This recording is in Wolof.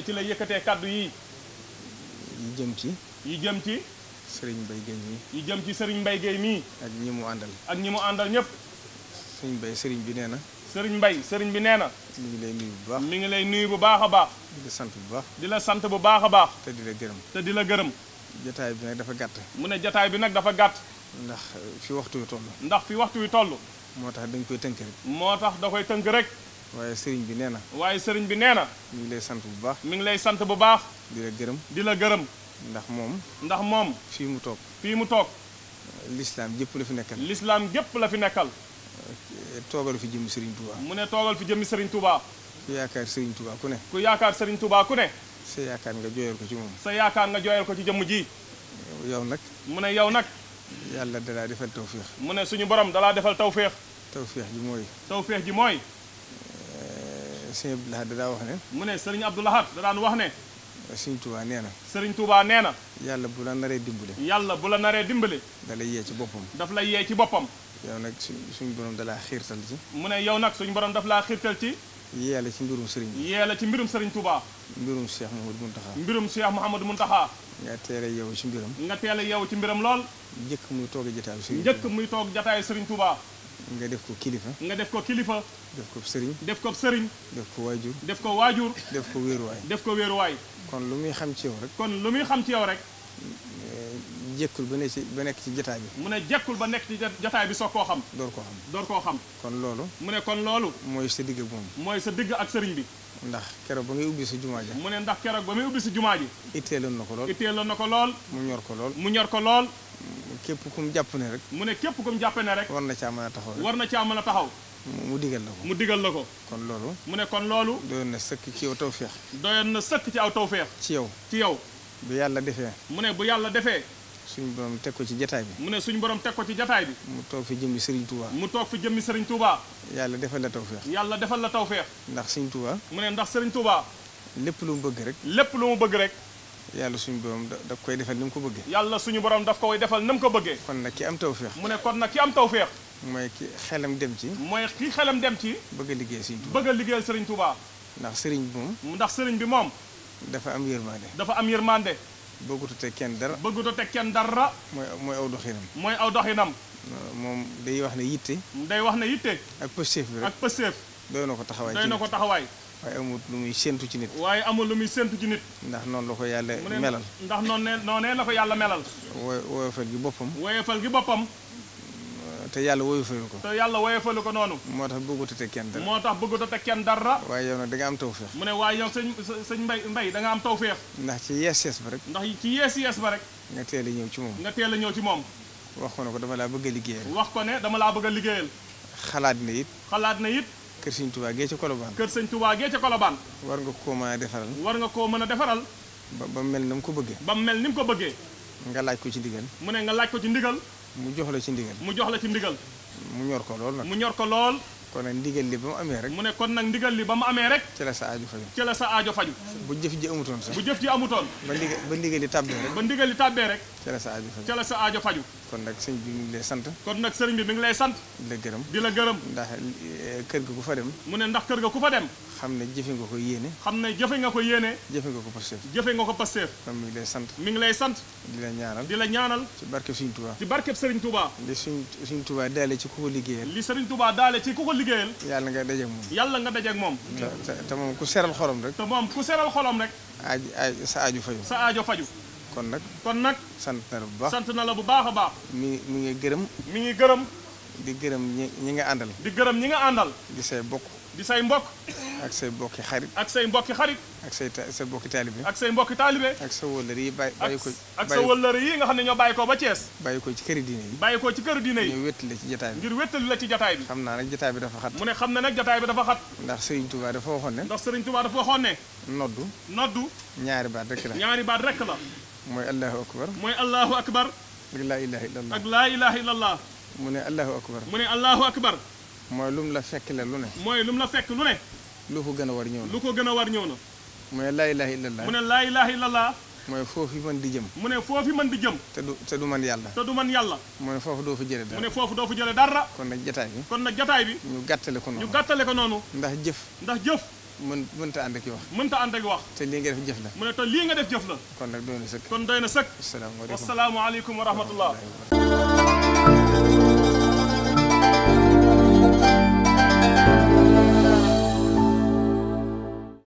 te ci la yëkkatee kàddu yi yi jëm ci yi jëm ci sëriñ bay Guèye mii yi jëm ci sëriñ Mbaye Guèye mii ak ñi mu àndal ak ñi mu àndal ñëpp sëriñ Mbaye sëriñ bi nee na sëriñ Mbaye sëriñ bi nee na mu ngi lay nuy bu baax mi lay nuyu bu baax a baax di la sant bu baax di la sant bu baax a baax te di la gërëm te di la gërëm jataay bi nag dafa gàtt mu ne jataay bi nag dafa gàtt ndax fi waxtu wi toll ndax fi waxtu wi toll moo tax dañ koy koy tënk rek waye serigne bi neena waye serigne bi neena mi ngi lay sante bu baax. mi ngi lay sante bu baax. di la gërëm. di la gërëm. ndax mom ndax mom fi mu tok fi mu tok l'islam jëpp la fi nekkal. l'islam jëpp la fi nekkal. togal fi jëm serigne Touba. mu ne togal fi jëm serigne Touba. ku yaakar serigne Touba ku ne. ku yaakar serigne Touba ku ne. sa yaakar nga joyal ko ci mom sa yaakar nga joyal ko ci jëm ji. yow nak mu ne yow nak yàlla dalaa defal tawfiq mu ne suñu borom dalaa defal tawfiq tawfiq ji moy tawfiq ji moy sëñ Abdou Lahad danaa wax ne. mu ne sëriñ Abdou Lahad danaan nee na. sëriñ Touba nee na. yàlla bu la naree dimbali. yàlla bu la naree dimbali. da lay yee ci boppam. daf la yee ci boppam. yow nag suñ suñ borom da laa xiirtal ci. mu ne yow nag suñ borom daf laa xiirtal ci. yee la ci mbirum sëriñ bi. yee la ci mbirum sëriñ Touba. mbirum Cheikh Mouhamadou Mountakha. mbirum Cheikh Mouhamadou Mountakha. nga teel a yeewu ci mbiram. nga teel a yeewu ci mbiram lool. njëkk muy toog jataayu sëriñ. njëkk nga def ko kilifa. nga def ko kilifa. def ko sëriñ. def ko sëriñ. def ko waajur. def ko waajur. def ko wéeruwaay. def ko wéeruwaay. kon lu muy xam ci yow rek. kon lu muy xam ci yow rek. jekkul ba nekk ci ba nekk ci jotaay bi. mu ne jekkul ba nekk ci jotaay bi soog koo xam. door ko xam door koo xam. kon loolu. mu ne kon loolu. mooy sa digg moom. mooy sa digg ak sëriñ bi. ndax keroog ba ngay ubbi si jumaa ji. mu ne ndax keroog ba muy ubbi si jumaa ji. itteeloon na ko lool itteeloon na ko lool. mu ko lool mu ñor ko lool. képp kum jàpp ne rek mu ne képp kum jàpp ne rek war na caa mën a taxaw war na caa mën a taxaw mu digal la ko mu digal la ko kon loolu mu ne kon loolu doyoon na sëkk ci yow tawféex doyoon na sëkk ci aw tawféex ci yow ci yow bu yàlla defee mu ne bu yàlla defee suñu borom teg ko ci jataay bi mu ne suñu borom teg ko ci jataay bi mu toog fi jëmmi sëriñ Touba. mu toog fi jëmmi sëriñ Touba. yàlla defal la tawféex yàlla defal la tawféex ndax siñ Touba. mu ne ndax sëriñ Touba. lépp lu mu bëgg rek lépp lu bëgg rek yàlla suñu borom daf koy defal ni mu ko bëggee yàlla suñu borom daf koy defal ni ko bëggee kon nag ki am tawféex mu ne kon nag ki am tawféex mooy ki xelam dem ci mooy ki xelam dem ci bëgg a liggéey sëriñ Tuubaa bëgg a liggéeyal sëriñ Tuubaa ndax sëriñ bi moom ndax sëriñ bi moom dafa am yërmande dafa am yërmande bëggutu teg kenn dara bëggutu teg kenn dara mooy mooy aw doxinam mooy aw doxinam moom day wax ne yitte day wax ne yitte ak pësteef bi rek ak pësteef ko taxawaay doy ko taxawaay waaye amul lu muy séntu ci nit. waaye amul lu muy séntu ci nit. ndax noonu la ko yàlla melal. ndax noonu ne noonee la ko yàlla melal. wo woyofal gi boppam. woyofal gi boppam. te yàlla woyofalu ko. te yàlla woyofalu ko noonu. moo tax bëggut a teg kenn dara. moo tax bëggut a teg kenn dara. waaye yow nag da nga am tawféex. mu ne waaye yow sëñ sëñ mbay mbay da nga am tawféex. ndax ci yees yees ba rek. ndax ci yees yees ba rek. nga teel a ñëw ci moom. nga teel a ñëw ci moom. wax ko ne ko dama laa bëgg a liggéeyal. wax ko ne dama laa bëgg a liggéeyal. xalaat na it. xalaat na it. kër sëñ Touba gee ca Colobane. kër sëñ Touba gee ca Colobane. war nga koo mën a defaral. war nga koo mën a defaral. ba ba mel ni mu ko bëggee. ba mel ni mu ko bëggee. nga laaj ko ci ndigal. mu ne nga laaj ko ci ndigal. mu jox la ci ndigal. mu jox la ci ndigal. mu ñor ko lool nag. mu ñor ko lool. kon nag ndigal li ba mu amee rek ne kon nag ndigal li ba mu amee rek ci la sa aajo faju ci la sa aajo faju bu jëf ji amutoon sax bu jëf la sa aajo faju ci la sa aajo faju kon nag sëñ bi mi ngi lay sant kon sëriñ bi mi ngi lay sant di la gërëm di la gërëm ndax eh, kër ga ku fa dem mu ne ndax kër ga ku fa dem xam ne jëfe nga ko yéene xam ne jëfe nga ko yéene jëfe nga ko pasteef jëfe nga ko pasteef ngi lay sant mi ngi di la ñaanal di la ñaanal ci barkeb sëriñ Touba ci barkeb li sëriñ Touba daale ci ku ko liggéeyal li sëriñ Touba daale ci ku ko liggéeyal yàlla nga dajeeg moom yàlla nga dajeeg moom te moom ku seral xolom rek te moom ku seral xolom rek aaj aaj sa aajo faju sa aajo faju kon nag kon nag sant na la bu baax sant na la bu baax a baax mi mi ngi gërëm mi ngi gërëm di gërëm ñi ñi nga àndal di gërëm ñi nga àndal di say bokk di say mbokk ak say mbokki xarit ak say mbokki xarit ak say sa mbokki taalibe ak say mbokki taalibe ak sa wëllëre yi bàyyi bàyyi ko ak sa wëllëre yi nga xam ne ñoo bàyyi ko ba Thiès bàyyi ko ci këri diine yi bàyyi ko ci këri diine yi ñu wéttali la ci jataay bi ngir wéttali la ci jataay bi xam naa nag jataay bi dafa xat mu ne xam na nag bi dafa xat ndax Serigne Touba dafa waxoon ne ndax Serigne Touba dafa waxoon ne noddu noddu ñaari baat rek la ñaari baat rek la mooy allahu akbar mooy allahu akbar ak laa ilaha illallah ak laa ilaha illallah mu ne allahu akbar mu ne allahu akbar mooy lum la fekk la lu ne mooy lum la fekk lu ne لوكو غنا وار نيونا لوكو غنا وار نيونا مو لا اله الا الله مو لا اله الا الله مو فوفي مان دي جيم مو نه فوفي مان دي جيم تدو تدو مان يالا تدو مان يالا مو نه فوفو دو في جيري دار مو نه فوفو دو في جيري دار كون نا جتاي كون نا جتاي بي نيو غاتالي كو نونو نيو غاتالي كو نونو نده جيف نده جيف من من عندك واخ من عندك واخ تي لي غير في جيف لا مو نه تو لي غا ديف جيف لا كون نا دوني سك كون دوني سك السلام عليكم ورحمه الله.